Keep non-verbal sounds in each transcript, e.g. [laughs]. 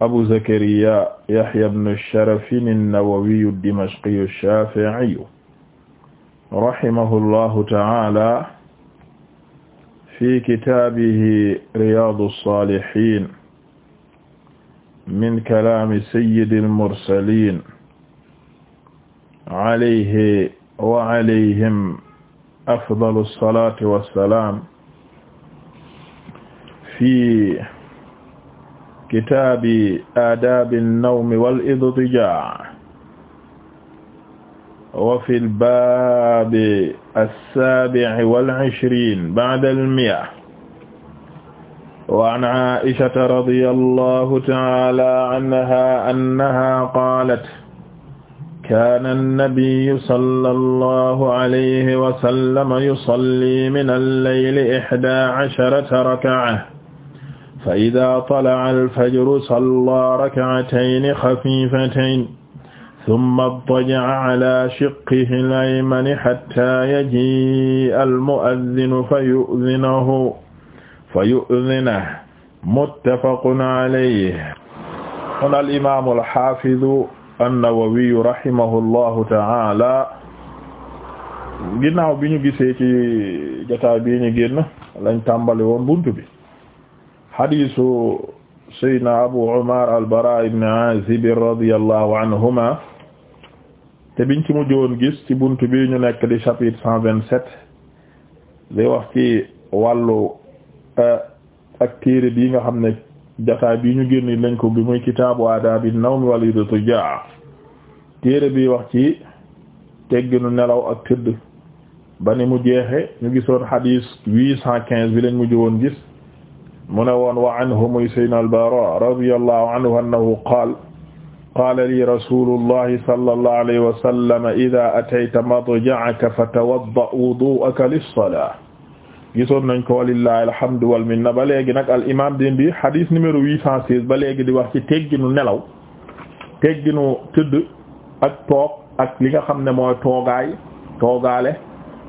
abu zakariya yahya bnu sharafin an-nawawiyu ad-dimashqiyu ash-shafi'iyu rahimahullahu ta'ala fi kitaabihi riyaadu as-saalihiin min kalaami sayyidil mursaliin alayhi wa alayhim afdalu as-salaatu was-salaam fi kitaabi aadaabi nawmi wal idtijaa wa fil baabi as-saabi'i wal ishriin ba'dal mi'a wa an Aa'ishata radiyallahu ta'aalaa anhaa annahaa qaalat kaana an-nabiyyu sallallahu alayhi wa sallam yusalli mina al-layli ihdaa casharata rak'a fa ida tala'a alfajru salla rak'atayni xafiifatayni summa ittaja'a ala shiqqihi al-aymani hatta yaji'a al-mu'adhdhinu fayu'dhinahu fayu'dhinahu muttafaqun alayhi kon al-imaamu al-haafidu an-Nawawiyu rahimahullahu ta'ala ginnaaw bi ñu gisee ci jotaay bi ñu génn lañ tàmbali woon buntu bi hadisu saydna abu umar albara ibn azib radiyallahu anhuma te biñ ci mujj woon gis ci bunt bi ñu nekk di chapitre cent vingt-sept di wax ci wàllu eh, ak téere bii nga xam ne jataay bi ñu génn lañ ko bi muy kitaabu adaabi nawm wal idtijaa téere bi wax ci tegginu nelaw ak tëdd ba ni mu jeexe ñu gisoon hadis huit cent bi lañ mujj woon gis mu ne woon wa anhu muy sayyidina al-Baraa radiyallahu anhu annahu qaala qaala lii rasuulullahi sallallahu alayhi wa sallam idaa atayta madja'aka fatawadda' wudu'aka lis-salaa gisoon nañ ko walillahi alhamdu wal minna ba léegi nag al imaam di indi hadith numéro 816 ba léegi di wax ci tegginu nelaw tegginu tëdd ak toog ak li nga xam ne mooy toogaay toogaale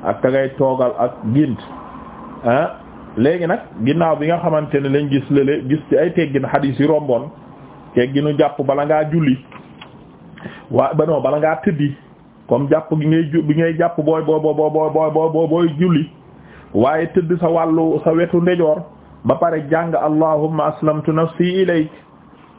ak ka ngay toogal ak gént ah léegi nag ginnaaw bi nga xamante ne lañ gis lële gis ci ay teggin xadiis yi romboon tegginu jàpp bala ngaa julli waa bano non bala ngaa tëddi comme jàpp gi ngay ju ngay jàpp booy booy booy booy booy tëdd sa wàllu sa wetu ndejoor ba pare jàng allahumma aslamtu nafsi ilayk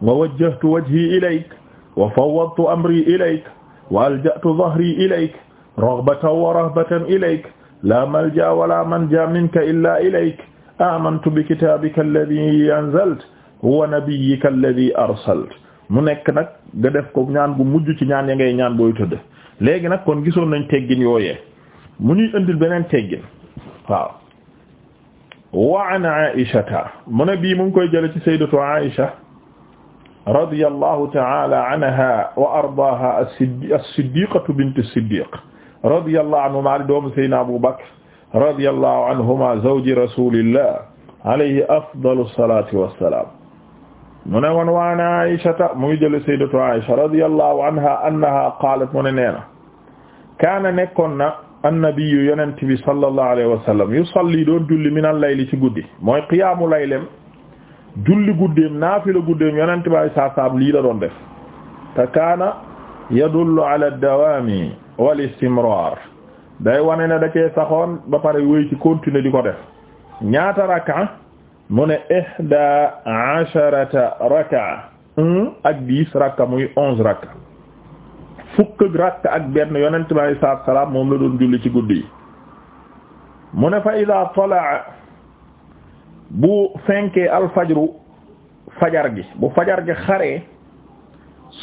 wa wajjahtu wajhi ilayk wa fawwadtu amri ilayk wa alja'tu dhahri ilayk raghbatan wa rahbatan ilayk la malja wala manja minka illa ilayk amantu bi kitabika alladhi anzalt wa nabiyyika alladhi arsalt mu nekk nag nga def ko ñaan bu mujj ci ñaan ya ngay ñaan booy tëdd léegi nag kon gisoon nañ teggin yooyee mu ñuy indil beneen teggin waaw wa an aishata mu ne bii mu ngi koy jële ci sayyidatu aisha radiyallahu ta'ala anha wa ardaaha as-siddiqatu bint as-siddiq radiyallahu anhuma doomu Seydina Abu Bakr radiyallahu anhuma zawji rasulillah alayhi afdalu salati wassalam mu ne woon waan Aysata mu ngi jële sayyidatu Aysa radiyallahu anha annaha qaalat mu ne neena kaana nekkoon na annabiyu yonent bi sallallahu alayhi wa sallam yusalli doon julli minal layli ci guddi mooy qiyaamu laylem julli guddeem naafila guddeem yonent bi saa saam lii la doon def te kaana yadullu ala dawaami wal istimrar day wane ne da saxoon ba pare wéy ci continuer di ko def ñaata raka mu ne ihda asharata ak dix raka muy onze raka fukk raka ak benn yonent bi alayhi salaam moom la doon julli ci guddi yi mu ne fa ida talaa bu fenkee alfajru fajar gi bu fajar gi xaree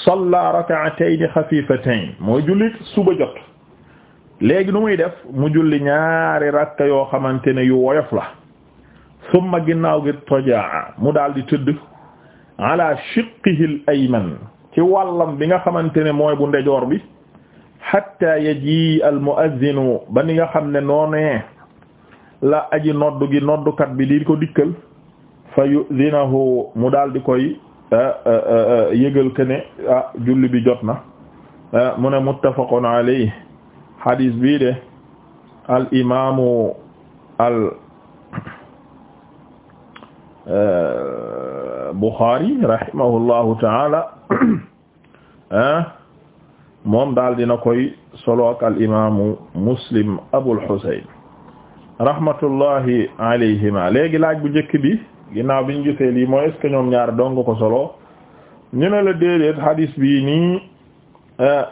salla rak'atayn xafifatayn mooy julli suba jot léegi nu muy def mu julli ñaari rakka yoo xamante ne yu woyof la summa ginnaaw gi tojaa mu daal di tëdd ala shiqqihi al ayman ci wàllam bi nga xamante ne mooy bu ndejoor bi hatta yaji al ba ni nga xam ne noonee la aji noddu gi noddukat bi di ko dikkal fa yu'dhinahu mu daldi koy Euh, euh, euh, yëgal ke ne ah julli bi jot na mu ne muttafaqun alayhi hadis bii de al imaamu al Bukhari rahimahullahu taala [coughs] moom daal dina koy solo ak al imaamu Muslim Abul Husayn rahmatullahi alayhima léegi laaj bu njëkk bi ginnaaw biñ gisee lii mooy est-ce ñoom ñaar dong ko solo ñu ne la déedéet bi bii nii eh,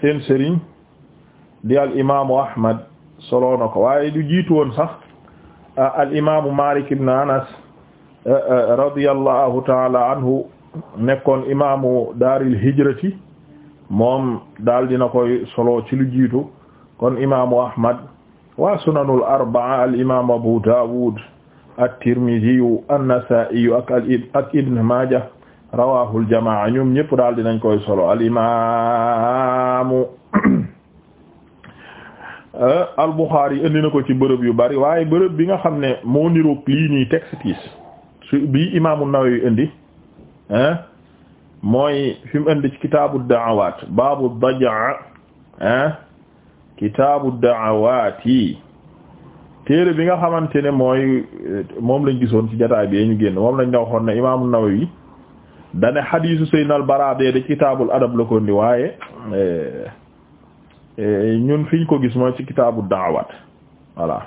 seen sëriñ di al imaamu Ahmad solo na ko waaye du jiitu woon sax eh, al imaamu Malik ibn Anas eh, radiyallahu taala anhu nekkoon imaamu daaril hijrati moom daal dina koy solo ci lu jiitu kon imaamu Ahmad waa sunanul arbaa al imaamu Abu Dawud at-Tirmidhi ak ak Ibn Majah rawahul jamaa ñoom ñëpp daal dinañ koy solo al-imaamu [coughs] al-Bukhari indi na ko ci bërëb yu bari waaye bërëb bi nga xam ne moo niroog lii nii texte su bii imaamu Nawawi indi mooy fi mu indi ci kitaabu da'awaat baabu dajaa ah kitaabu da'awaati téere bi nga xamante ne mooy moom lañ gisoon ci jotaay bi ñu génn moom lañ nga waxoon ne imaam an-Nawawi dane xadiisu sayyidina al-Baraa bee de kitaabul adab la ko ndi waaye eh, eh, ñun fiñ ko gis mooy ci kitaabu da'awaat voilà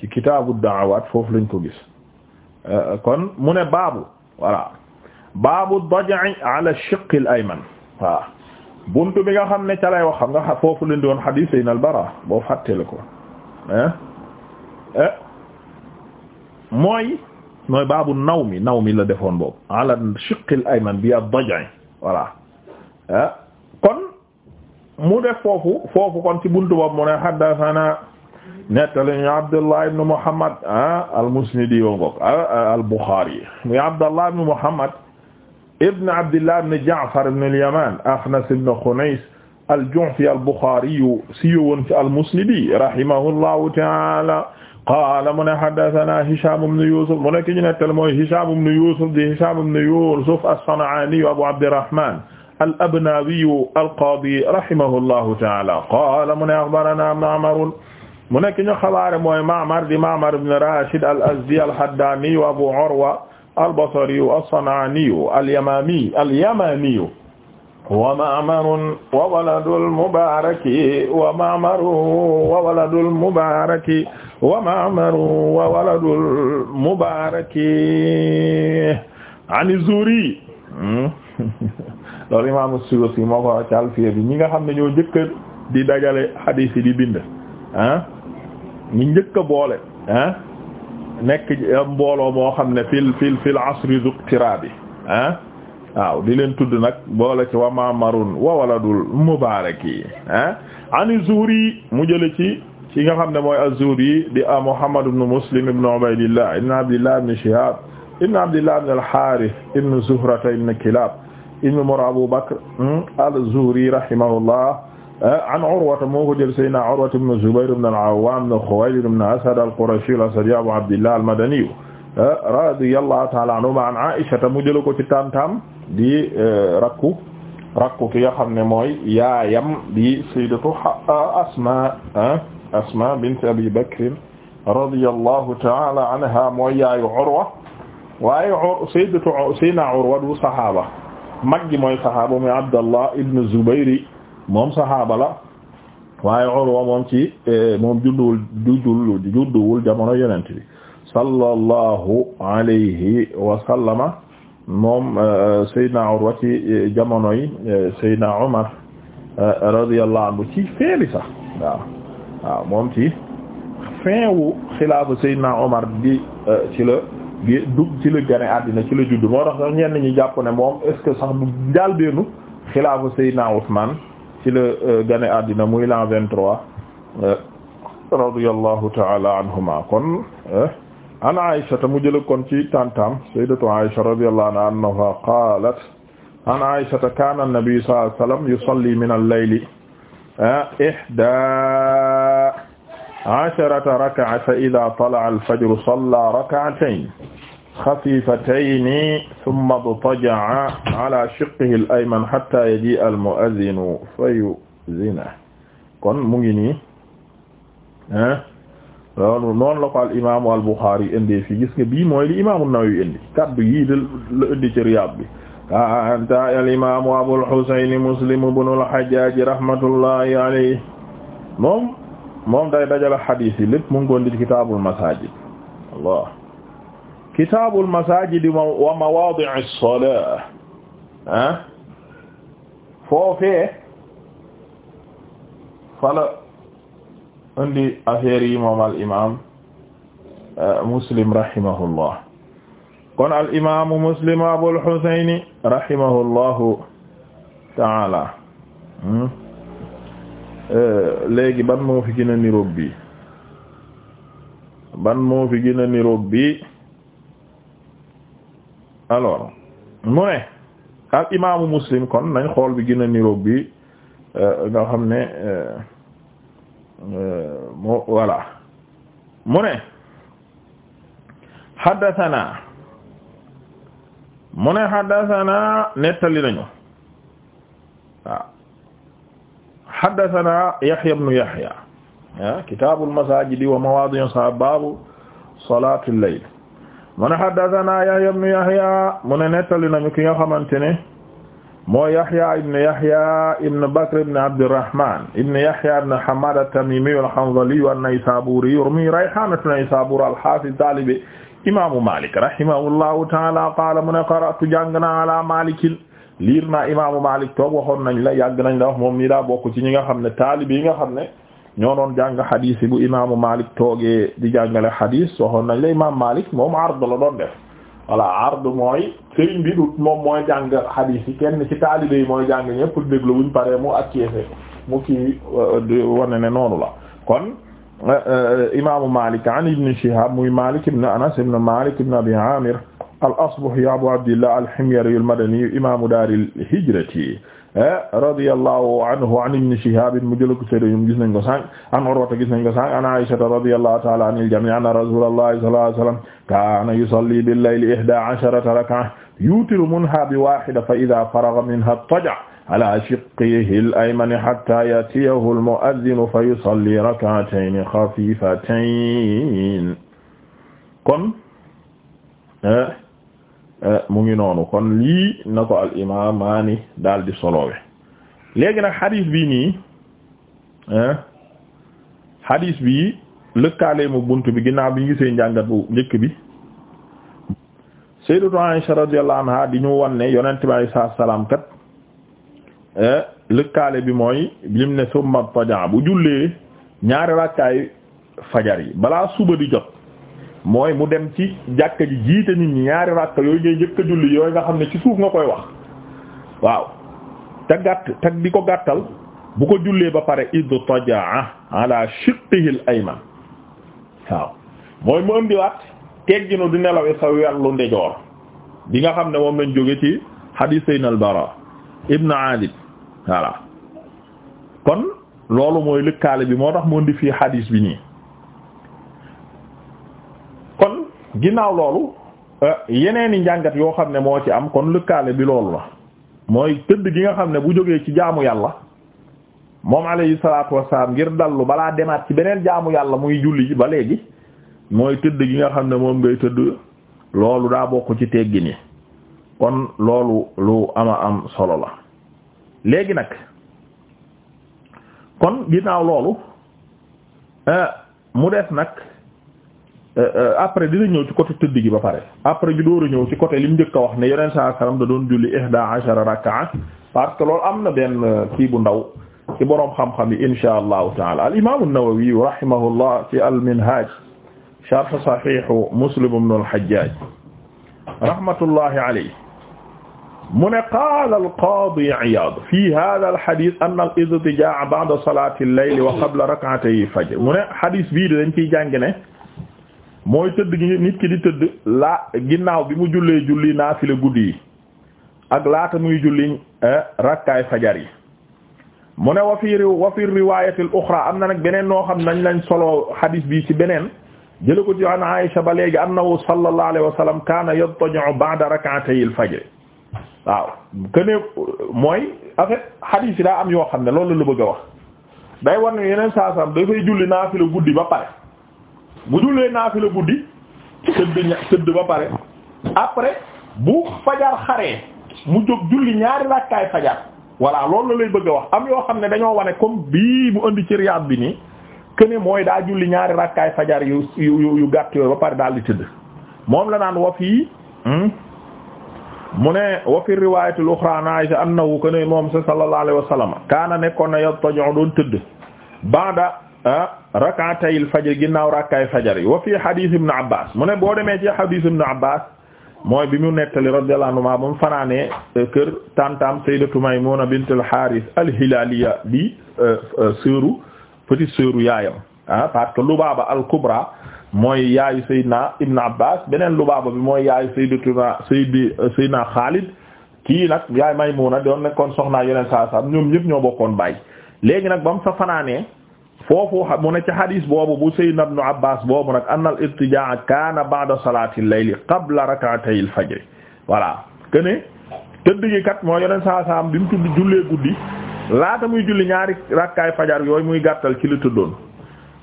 ci kitaabu da'awaat foofu lañ ko gis eh, kon mu ne baabu voilà baabu daj'i ala shiqqi al-ayman waaw buntu bi nga xam ne ca lay wax xam nga foofu lañ doon xadiis sayyidina al-Baraa boo fàttee la ko Eh? mooy mooy baabu naw mi naw mi la defoon boobu ala shiqqil ayman bi ad-daj'i voilà eh? kon mu def foofu foofu kon ci buntu boobu mu ne haddathana nettali Abdullah ibn Muhammad ah, al-Musnidi yoo ngoog ah, al-Bukhari muy Abdullah ibn Muhammad ibn Abdillah ibn Ja'far ibn al-Yaman Akhnas ibn Khunays al-Ju'fi al-Bukhari siiwoon ci al-Musnidi rahimahullahu ta'ala qaala mu ne haddathana Hisham ibn Yusuf mu nekk ñu nettal mooy Hisham ibn Yusuf di Hisham ibn Yusuf as-San'ani Abu Abdirrahman al-Abnawi al-Qadi rahimahullahu ta'ala qaala mu ne akhbarana Ma'mar mu nekk ñu xabaare mooy Ma'mar di Ma'mar ibn Rashid al-Azdi al-Haddani Abu Urwa al-Basri as-San'ani al-Yamami al-Yamani wa ma'marun wa waladul mubaaraki wa ma'marun wa waladul mubaaraki wa ma'marun wa waladul mubaaraki ani Zuhri hmm? [laughs] loolu Imaam Suyuuti moo ko ci Alfiya bi ñi nga xam ne ñoo njëkk a di dajale hadiis yi di bind ah ñu njëkk a boole ah nekk mbooloo moo xam ne fil fil fil asri zuqtiraabi ah waaw di leen tudd nag boole ci wa mamarun wa waladul mubarak yi ah ani Zuhri mu jële ci ci nga xam ne mooy az-Zuhri di a Muhammad ibn Muslim ibn Ubaydillah ibn Abdillah ibn Shihab ibn Abdillah ibn al-Harith ibn Zuhrata ibn Kilab ibn Murra Abu Bakr hmm? al-Zuhri rahimahullah an Urwata moo ko jël Sayyidina Urwata ibn Zubayr ibn al-Awwam ibn Khuwaylid ibn Asad al-Qurashi al-Asadi Abu Abdillah al-Madani radiyallahu ta'ala anhuma an Aisha mu jël ko ci taam di e, rakku rakku ki nga xam ne mooy yaayam di sayyidatu Asma Asma bint Abi Bakr radiyallahu ta'ala anha mooy yaayu Urwa waaye sayyidatu sayna Urwa du sahaaba mag gi mooy sahaaba mooy Abdallah ibn Zubayr moom sahaaba la waaye Urwa moom ci e, moom juddul juddul judduwul jamono yonent sallallahu alayhi wa sallama moom euh, Seydina Urwa ci euh, jamonoy euh, Seydina Umar radiyallahu anhu ci feeli sax waaw waaw moom ci fin wu xilaafu Seydina Umar bi ci la dug ci la gane àddina ci la juddu moo tax sax ñenn ñi jàpp ne moom est-ce que sax du daal deenu xilaafu Seydina Usmaan ci la gane àddina muy l'an vingt-trois radiyallahu ta'ala anhuma kon an Aisha ta mu jël kon ci tantam sayyidatu Aisha radiyallahu anha qalat an Aisha kana an-nabi sallallahu alayhi wasallam yusalli min al-layli ah, ihda asharata rak'a fa idha tala'a al-fajr salla rak'atayn خفيفتين ثم اضطجع على شقه الأيمن حتى يجيء المؤذن فيؤذنه kon mu ngi nii ah, loolu noonu la ko al imaamu al Buxaari indee fii gis nga bii mooy li imaamu Nawawi indi kaddu yii de la indi ci Riyaad bi anta al imaamu Abul Husayn Muslim ibn al Hajjaaj rahmatullahi alayhi moom moom day dajale xadiis yi lépp mu ngi koon di ci kitaabul masaajid Allah kitaabul masaajid wa mawaadi' as-salaah ah foofee fala indi affaire yi moom al imaam euh, muslim rahimahullah kon al imaamu muslim abul husayni rahimahullahu taala hmm? euh, léegi ban moo fi gën a niroog bi ban moo fi gën a niroog bi alors mu ne al imaamu muslim kon nañ xool bi gën a bi euh, nga ne Euh, moo voilà mu ne haddathana mu ne haddathana nettali nañu waaw haddathana Yahya ibn Yahya ah, kitaabul masaajidi wa mawaadi'ihaa baabu salaatil layl mu ne haddathana Yahya ibn Yahya mu ne nettali nañu ki nga xamante ne moo Yahya ibn Yahya ibn Bakr ibn Abdirrahman ibn Yahya ibn Hammad at-Tamimi al-Hanzali an-Naysaburi mi rayhanatu Naysabur al-hafiz talibe imaamu Malik rahimahullahu ta'ala qaala mu ne qara'tu jàng naa ala Malikin liir naa imaamu Malik toog waxoon nañ la yàgg nañ la wax moom nii daa bokk ci ñi nga xam ne talibe yi nga xam ne ñoo doon jàng xadiis bu imaamu Malik toogee di jàngale xadiis waxoon nañ la imaam Malik moom ard la doon def. voilà ardu mooy sëriñ bi du mooy jàng hadith yi kenn ci taalibe yi mooy jàng ñëpp déglu wuñ paree mu acceese mu ki euh, wane ne noonu la kon euh, euh, imaamu Malik an ibn Shihab muy Malik ibn Anas ibn Malik ibn Abi Amir al-Asbahi Abu Abdillah al-Himyari al-Madani imaamu daaril hijrati Eh, radiyallahu anhu an ibn Shihab mu jëla ko seeda ñoom gis nañ ko sànq an Urwata gis nañ ko sànq an Aisha radiyallahu ta'ala anil jami' anna rasulallahi sallallahu alayhi wasallam kana yusalli bil layli ihda asharata rak'a yutiru minha bi wahida fa idha faragha minha ittaja'a ala shiqqihi al-aymani hatta ya'tiyahu al-mu'adhdhinu fa yusalli rak'atayni khafifatayn kon eh, Eh, mu ngi noonu kon lii na ko al imaamaani daal di soloowe léegi nag xadiis bi nii eh, xadiis bi lëkkaale mu bunt bi ginnaaw bi ñu gisee njàngat bu njëkk bi sayyidatu Aisha radiyallahu anha di ñu wan ne yonent bi alayhi salaam kat eh, lëkkaale bi mooy lim ne summa faja bu jullee ñaari rakkaay fajar yi balaa suba di jot mooy mu dem ci jàkka ji jiite nit ñi ñaari rakk yooyu ngay njëkk julli yooyu nga xam ne ci suuf nga koy wax waaw te gàtt te di ko gàttal bu ko jullee ba pare idtajaa ala shiqqihi al ayman waaw mooy mu ëndiwaat tegginu di nelawe sa wàllu ndejoor bi nga xam ne moom lañ jóge ci hadith sayyidina al ibn aadib voilà loolu mooy lëkkaale bi moo tax mu indi fii hadith bi nii ginnaaw loolu euh, yeneeni njàngat yoo xam ne moo ci am kon lëkkaale bi loolu la mooy tëdd gi nga xam ne bu jógee ci jaamu yàlla moom alayhi salaatu wassalaam ngir dallu balaa demaat ci beneen jaamu yàlla muy julli ji ba léegi mooy tëdd gi nga xam ne moom ngay tëdd loolu daa bokk ci teggin ni kon loolu lu ama am solo la léegi nag kon ginnaaw loolu euh, mu des nag Euh, euh, après dina ñëw ci côté tëdd gi ba pare après ju dóor a ñëw ci côté li mu njëkk a wax ne yeneen saa salam da doon julli ihda ashara rak'a parce que loolu am na benn euh, kii bu ndaw ci boroom xam-xam yi insha allahu taala al imam an-Nawawi rahimahullah fi al-Minhaj sharh sahih Muslim ibn al-Hajjaj rahmatullahi alayhi mu ne qaala al-qaadi Iyaad fi haadha al-hadiis anna al-idtijaa'a ba'da salaati al-layl wa qabla rak'atay al-fajr mu ne hadis bii dañ ciy jàng ne mooy tëdd nit ki di tëdd laa ginnaaw bi mu jullee julli naafile guddi yi ak laata muy julli eh, rakkaay fajar yi mu ne wa fi wa fi riwayatil am na nag beneen noo xam nañ lañ solo hadis bi ci beneen jële ko ci an Aisha ba léegi annahu sallallahu alayhi wa sallam kaana yadtaji'u ba'da rak'atayil fajr waaw kene mooy en fait yi daa am yoo xam ne loolu la bëgg a wax day war ne yeneen saa sam dafay julli naafile guddi ba pare bu jullee naafila guddi tëdd tëdd ba pare après bu fajar xaree mu jóg julli ñaari rakkaay fajar voilà loolu la lay bëgg a wax am yoo xam ne dañoo wane comme bii mu indi ci Riyad bi nii que mooy daa julli ñaari rakkaay fajar yu yu yu gàtt yooyu ba pare daal di tëdd moom la naan wa fii hmm? mu ne wa fi riwaayatil uxraa an Aysa annahu que moom sa sallallahu alayhi kaana nekkoon na yow tojox doon tëdd ba'da Ah, rak'atayil fajr ginnaaw rakkaay fajar yi wa fii hadith ibn abbas mu ne boo demee ci hadith ibn abbas mooy bi mu nettali radiyallahu anhu ma ba mu fanaanee eh, kër tantam sayyidatu maymuna bint al harith al hilaliya bi eh, eh, sœuru petite sœuru yaayam ah parce que lubaaba al kubra mooy yaayu sayyidina ibn abbas beneen lubaaba bi mooy yaayu sayyidatuna sayyidi sayyidina xaalid kii nag yaay maymuna doon nekkoon soxnaa yeneen saa saa ñoom ñëpp ñoo bokkoon baay léegi nag ba mu fa fanaanee foofu mu ne ci hadis boobu bu Sayyidina Ibn Abbas boobu nag anna al-ittijaa kaana ba'da salaati al-layl qabla rak'atay al-fajr voilà que ne tëdd gi kat moo yoneen saa saam bi mu tudd jullee guddi laata muy julli ñaari rakkaay fajar yooyu muy gàttal ci li tuddoon.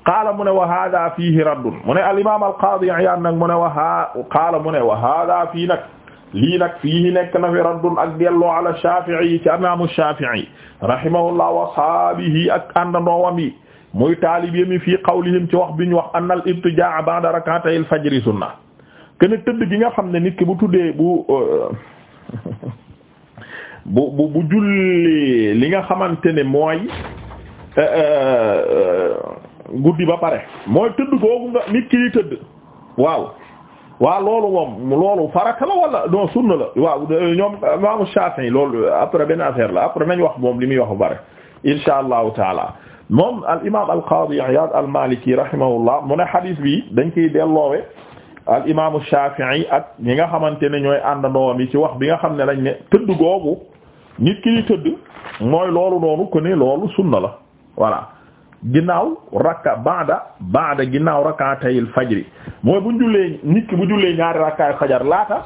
qaala mu ne wa haadaa fiihi raddun mu ne al-imaam al-qaadi Iyaan nag mu ne wa haa qaala mu ne wa haadaa fii nag lii nag fiihi nekk na fi raddun ak delloo ala Shaafi'i ci imaamu Shaafi'i rahimahullah wa ashaabihi ak àndandoowam yi muy taalibeem yi fii qawlihim ci wax bi ñu wax annal ibtijaa ba'da rak'atay al-fajr sunna kenn tëdd gi nga xam ne nit ki bu tuddee bu euh, [laughs] bu bu julli li nga xamante ne mooy euh, euh, guddi ba pare mooy tëdd googu nga nit ki tëdd waaw waa loolu moom loolu farata la wala non sunna la waaw ñoom maamu Shafi'i loolu après benn affaire la après nañ wax moom li muy wax bu pare insha allahu taala moom al imaam al qaadi Iyaad al Maliki rahimahullah mu ne xadis bi dañ koy delloowe al imaamu Shaafi'i ak ñi nga xamante ne ñooy àndandoom yi ci wax bi nga xam ne lañ ne tëdd googu nit ki tëdd mooy loolu noonu ko ne loolu sunna la voilà ginnaaw rakka baada baada ginnaaw rakkaatayil fajri mooy bu jullee nit ki bu jullee ñaari rakkaay fajar laata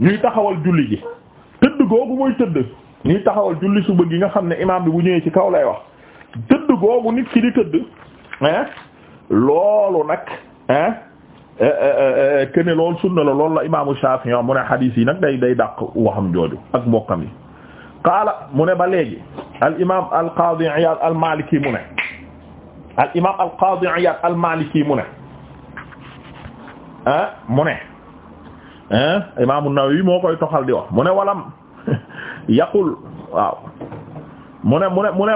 ñuy taxawal julli ji tëdd googu mooy tëdd ñuy taxawal julli suba gi nga xam ne imaam bi bu ñëwee ci kaw lay wax. tëdd googu nit ki di tëdd loolu nag ah eh, lool eh, eh, loolu sunna la loolu imaamu Shafi'i mu ne xadiis nag day day dàq waxam jooju ak mbokkam yi qaala mu ne ba léegi al imaam al qaadi imaam al qaadi moo koy toxal di wax mu walam [laughs] yaqul waaw mu ne mu ne mu ne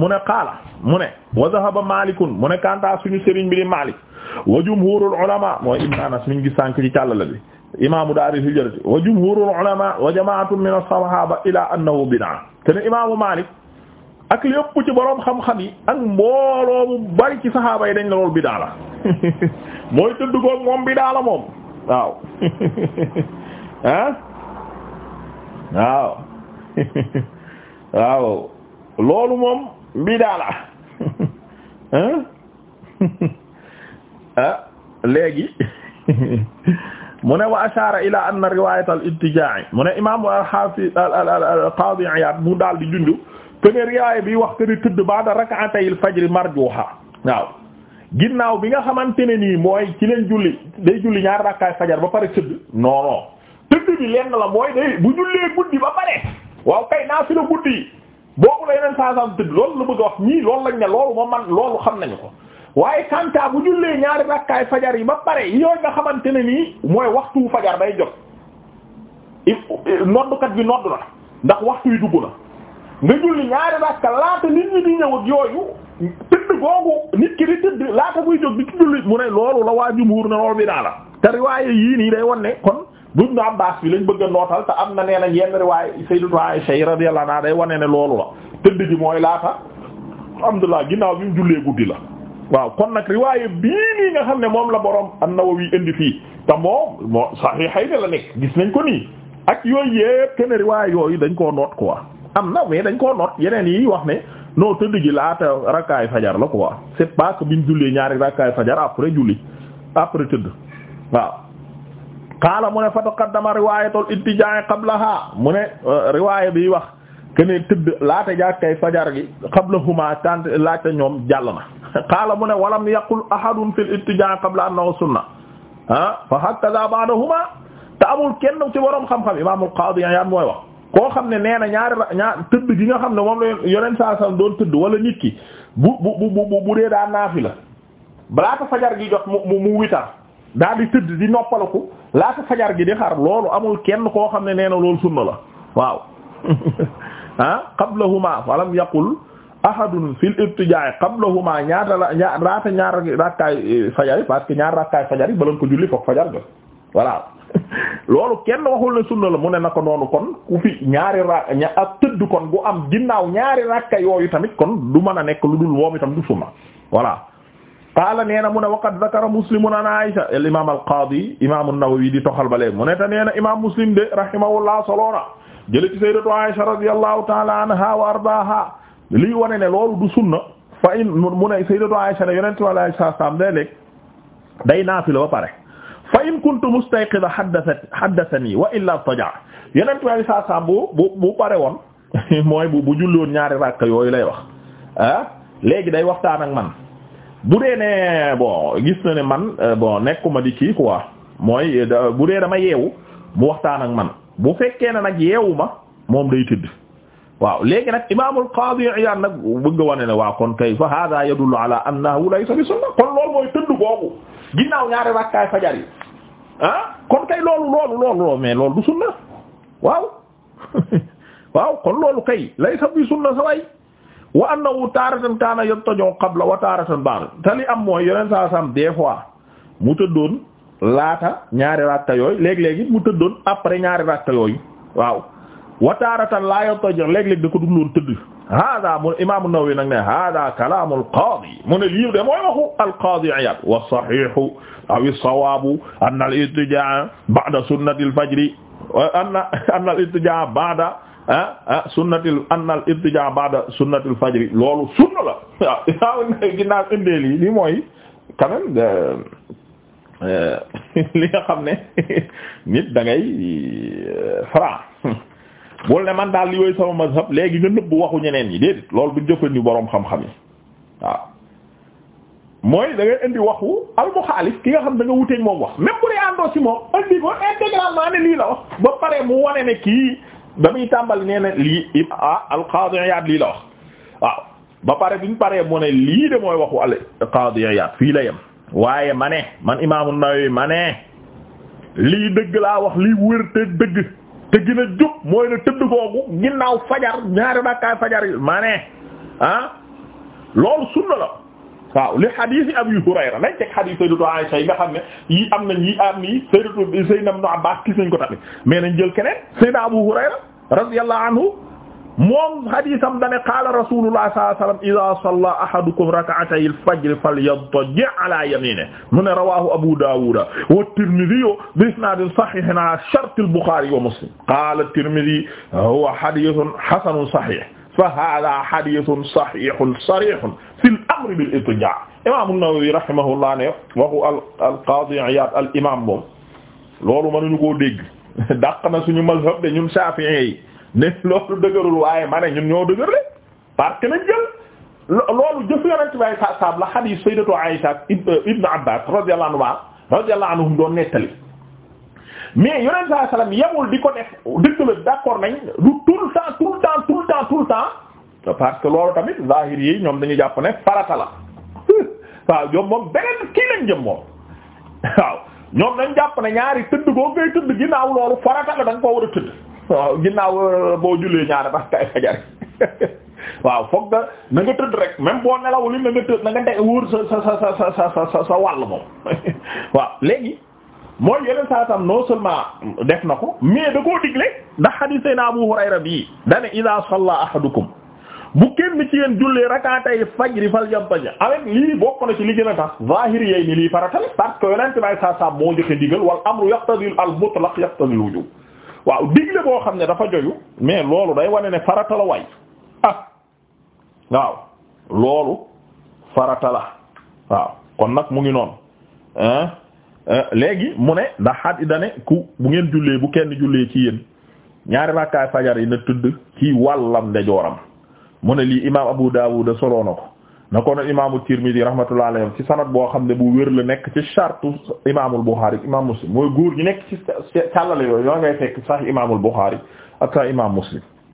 mu ne qaala mu ne wa dhahaba malikun mu ne kanta suñu sëriñ bi di malik wa jumhurul ulama mooy ibn anas min gi sànk ci càllala bi imamu daaril hijrati wa jumhurul ulama wa jama'atun min as-sahaba ila annahu bid'a te ne imamu malik ak lépp ci boroom xam-xam yi ak mbooloo mu bari ci saxaaba yi dañ la loolu bid'a la [laughs] mooy tëdd goog moom bid'a la moom waaw ah [laughs] waaw [laughs] waaw loolu moom bidaa la [laughs] ah léegi [laughs] mu ne wa ashara ila anna riwayat al ittijaa'i mu ne imam al-hafiz al qadi Iyad mu daal di jundu kene riwaaya bi wax kene tëdd ba'da rak'atay al fajr marjuha waaw ginnaaw bi nga xamante ne nii mooy ci leen julli day julli ñaar rakkaay fajar ba pare tëdd non non bi lenn la mooy day bu jullee guddi ba pare waaw kay naafila guddi yi boobu la yeneen saasam tëdd loolu la bëgg a wax ñii loolu lañ ne loolu moom man loolu xam nañu ko waaye kanta bu jullee ñaari rakkaay fajar yi ba pare yooyu nga xamante ne nii mooy waxtu fajar day jot noddukat bi noddu na ndax waxtu yi dugg na nga julli ñaari rakka laata nit ñi di ñëw ak yooyu tëdd googu nit ki di tëdd laata muy jóg di ci julli mu ne loolu la waa jumhur na loolu bi daa la te riwaaye yii nii day won bu ñu Abbaas bi lañ bëgg a nootal te am na nee nañ yenn riwaay Sayyidatu Aisha radiyallahu anha day wane ne loolu la tëdd gi mooy laata alhamdulillah ginnaaw biñ mu jullee guddi la waaw kon nag riwaay bii nga xam ne moom la borom An-Nawawi indi fii te moom moo Sahihayni la nekk gis nañ ko nii ak yooyu yëpp kenn riwaay yooyu dañ koo noot quoi am na mais dañ koo noot yeneen yi wax ne non tëdd gi laata rakkaay fajar la ko c'est pas que bi ñu jullee ñaari rakkaay fajar qaala mu ne fa taqaddama riwaayatul ittijaa qablaha mu ne euh, riwaaya bi wax kene tëdd laata jàkkay fajar gi qablahuma tant laata ñoom jàll na [laughs] qaala mu ne walam yaqul ahadun fil ittijaa qabla annahu sunna ah fa hakaza ba'dahuma te amul kenn ci borom xam-xam imaamul qaadi Iyaad mooy wax koo xam ne nee na ñaari ñaar tëdd gi nga xam ne moom la yoneen saa saa doon tëdd wala nit ki bu bu bu bu dee daa naafi la laata fajar gi jot mu mu witar daal di tëdd di noppalaku laata fajar gi di xar loolu amul kenn koo xam ne nee na loolu sunna la waaw [laughs] ah qablahuma walam yaqul ahadun fil ibtija'i qablahuma ñaata la ñaar raata ñaar rakkaay fajar parce que ñaar rakkaay fajar yi balañ ko julli foog fajar ga voilà [laughs] loolu kenn waxul ne sunna la mu ne na ko noonu kon ku fi ñaari ra tëdd kon bu am ginnaaw ñaari rakka yooyu tamit kon du mën a nekk lu dul moom itam du sunna voilà qaala nee na mu ne waqad zakara muslimun an Aisha al imam al qaadi imam an-Nawawi di toxal ba léegi mu ne te nee na imam muslim de rahimahullah soloona jële ci sayyidatu Aisha radiyallahu ta'ala anha wa ardaha lii wane ne loolu du sunna fa in mu ne sayyidatu Aisha ne yonente bi alayhi salaam day léeg day naafila ba pare fa in kuntu mustayqida haddathat haddathani wa illa taja yonente bi alayhi salaam bu bu bu pare woon [laughs] mooy bu bu julloon ñaari rakka yooyu lay wax ah léegi day waxtaan ak man bu dee ne bon gis na ne man euh, bon nekkuma di kii quoi mooy euh, bu dee dama yeewu mu waxtaan ak man bu fekkee ne nag yeewu ma moom day tëdd waaw léegi nag imaamul qaadi Iyaad nag bëgg a wane ne waa kon kay fa hada yadullu ala annahu laysa bi sunna kon loolu mooy tëdd googu ginnaaw ñaari rakkaay fajar yi ah kon kay loolu loolu loolu loolu mais loolu du sunna waaw [laughs] waaw kon loolu kay laysa bi sunna sa wa annahu taaratan kaana yantajoo qabla wa taaratan ba'da te li am mooy yeneen saa sam des fois mu tëddoon laata ñaari rakka yooyu léeg-léegi mu tëddoon après ñaari rakka yooyu waaw wa taaratan laa yantajoo léeg-léeg da ko dugloon tëdd hada mu imaamu Nawawi nag ne hada kalaamu alqaadi mu ne lii de mooy waxu alqaadi Iyaad wa saxiixu aw sawaabu anna al-ittijaa ba'da sunnati al-fajri anna anna al-ittijaa ba'da Ah, ah sunnatil annal ibtija ba'da sunnatil fajri loolu sunna la waaw waaw ginnaaw indee lii lii mooy quand même euh, euh, [laughs] li nga xam ne [laughs] nit dangay ngay euh, [laughs] bul ne man daal li yooyu sama mazhab léegi nga nëbb waxu ñeneen ñi déedéet loolu bu jëfandiku boroom xam-xam yi waaw mooy da indi waxu almuxaalif ki nga xam da nga wuteeg moom wax même bu dee àndoo ci moom indi ko intégralement ne lii la wax ba pare mu wane ne kii. ba muy tàmbali nee na lii ah al-Qaadi Iyaad lii la wax waaw ba pare bi mu paree mu ne lii de mooy waxu al-Qaadi Iyaad fii la yem waaye ma ne man Imaamu Nawawi ma ne li dëgg laa wax li wër te dëgg te gi a jub mooy ne tëdd googu ginnaaw fajar ñaari rakkaay fajar yi ma ne ah loolu sunna la. waaw li xadiis yi Abu Hurayra nañ teg xadiis Sayyidatu Aisha yi nga xam ne yi am nañ yi am ni Sayyidatu Sayyidna Ibn Abbas gis nañ ko tamit mais nañ jël keneen Sayyidna Abu Hurayra radiyallahu anhu moom xadiisam dane qaala rasulullah sallallahu alayhi wasallam idha salla ahadukum rak'atay al-fajr falyattaji' ala yaminihi mu ne rawahu Abu Dawud wa Tirmidhi bi isnadin sahihin ala shart al-Bukhari wa Muslim qala Tirmidhi huwa hadithun hasanun sahih fa hada hadithun sahihun sarihun fil amri bil irtijaa imam an-Nawawi rahimahullah ne waxu al al qadi Iyad al imam moom loolu mënuñu koo dégg [laughs] dàq na suñu mazhab de ñun Shafi'i yi ne loolu dëgërul waaye ma ne ñun ñoo dëgër le parce que nañ jël loolu jëf yonent bay sa sab la hadith sayyidatu Aisha ibn Abbas radiyallahu anhu radiyallahu anhum doon nettali mais yonent saa salaam yemul di ko def dëgg la d'accord nañ du tout le temps tout le temps le temps tout le temps parce que loolu tamit zahir yi ñoom dañu jàpp ne farata la [laughs] waaw ñoom moom beneen kii lañ jëm [laughs] waaw ñoom dañ jàpp ne ñaari tëdd boo ngay tëdd ginnaaw loolu farata la da koo war a tëdd waaw ginnaaw euh, boo jullee ñaari rakkay fajar [laughs] waaw foog nga na tëdd rek même boo nelawul na nga tëdd na nga de wóor sa sa sa sa sa sa sa wàll moom waaw léegi. mooy yenn saa tam non seulement def na ko mais da koo digle ndax hadith sayna Abu Hurayra bii dane ida salla ahadukum bu kenn ci yéen jullee rakatay fajri fal yamtaja avec lii bokk na ci li gën a tax zahiri yey ni lii farata parce que yonente bay saa sam moo joxe digal wal amru yaqtadi al mutlaq yaqtadi al wujub waaw digle boo xam ne dafa joyu mais loolu day wane ne farata la waay ah waaw loolu farata la waaw kon nag mu ngi noonu Euh, léegi mu ne ndax xaat dane ku bu ngeen jullee bu kenn jullee ci yéen ñaari rakkaay fajar yi na tudd ci wàllam ndejooram mu ne lii imaam Abu Dawud soloo na ko na ko noon imaamu Tirmidhi rahmatullah alayhi ci sanad boo xam ne bu wér la nekk ci shartu imaamul Bukhari imaam Muslim mooy góor ñi nekk ci càllale yooyu yoo ngay fekk sax imaamul Bukhari ak sax imaam Muslim